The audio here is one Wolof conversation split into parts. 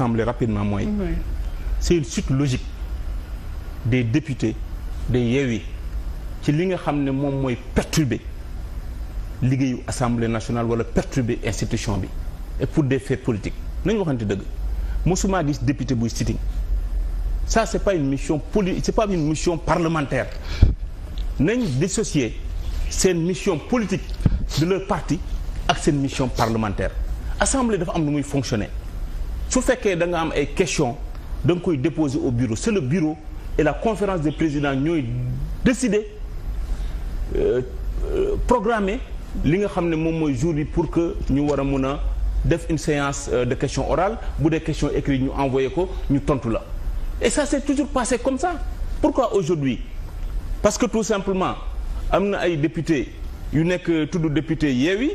rassembler rapidement mooy c'est une suite logique des députés de Yewwi ci li nga xam ne moom mooy perturber liggéeyu assemblée nationale wala perturber institution bi et pour de faits politiques nañu waxante dëgg mosuma gis député buy sitting ça c'est pas une mission poli c'est pas une mission parlementaire nañ dissocier seen mission politique de leur parti ak seen mission parlementaire assemblée dafa am lu muy fonctionner su fekkee da nga am ay questions danga koy déposer au bureau c'est le bureau et la conférence des présidents ñooy décider euh, euh, programmer li nga xam ne moom mooy jour bi pour que ñu war a mun a def une séance euh, de questions orales bu dee questions écrites ñu envoyé ko ñu tontu la et ça s'est toujours passé comme ça pourquoi aujourd'hui parce que tout simplement am na ay députés yu nekk euh, tudd député Yewwi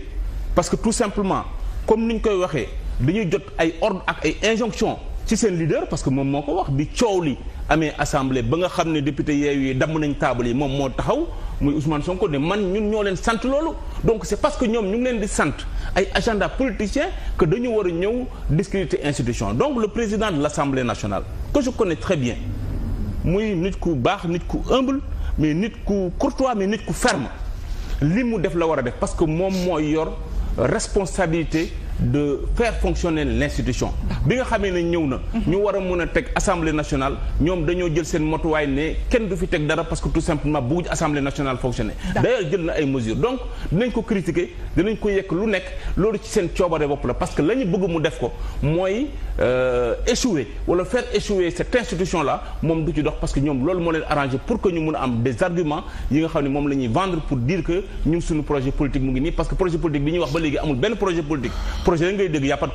parce que tout simplement comme ni ñu koy waxee dañuy jot ay ordre ak ay injonction ci seen leader parce que moom moo ko wax bi coow li amee assemblée ba nga xam ne député yeew yi dam nañ taabal yi moom moo taxaw muy Ousmane Sonko ne man ñun ñoo leen sant loolu donc c'est parce que ñoom ñu ngi leen di sant ay agenda politicien que dañu war a ñëw discréditer institution donc le président de l'Assemblée nationale que je connais très bien muy nit ku baax nit ku humble mais nit ku courtois mais nit ku ferme li mu def la war a def parce que moom mooy yor responsabilité de faire fonctionner l'institution bi nga xamee ne ñëw na ñu war a mun a teg assemblée nationale ñoom dañoo jël seen motuwaay ne kenn du fi teg dara parce que tout simplement bëgguñ assemblée nationale fonctionner d'ailleurs jël na ay mesures donc dinañ ko critiquer dinañ ko yekk lu nekk loolu ci seen coobare bopp la parce que la ñu bëgg mu def ko mooy euh, échouer wala faire échouer cette institution là moom du ci dox parce que ñoom loolu moo leen arrangé pour que a am des arguments yi nga xam ne moom la ñuy vendre projet ngay dégg y' a pas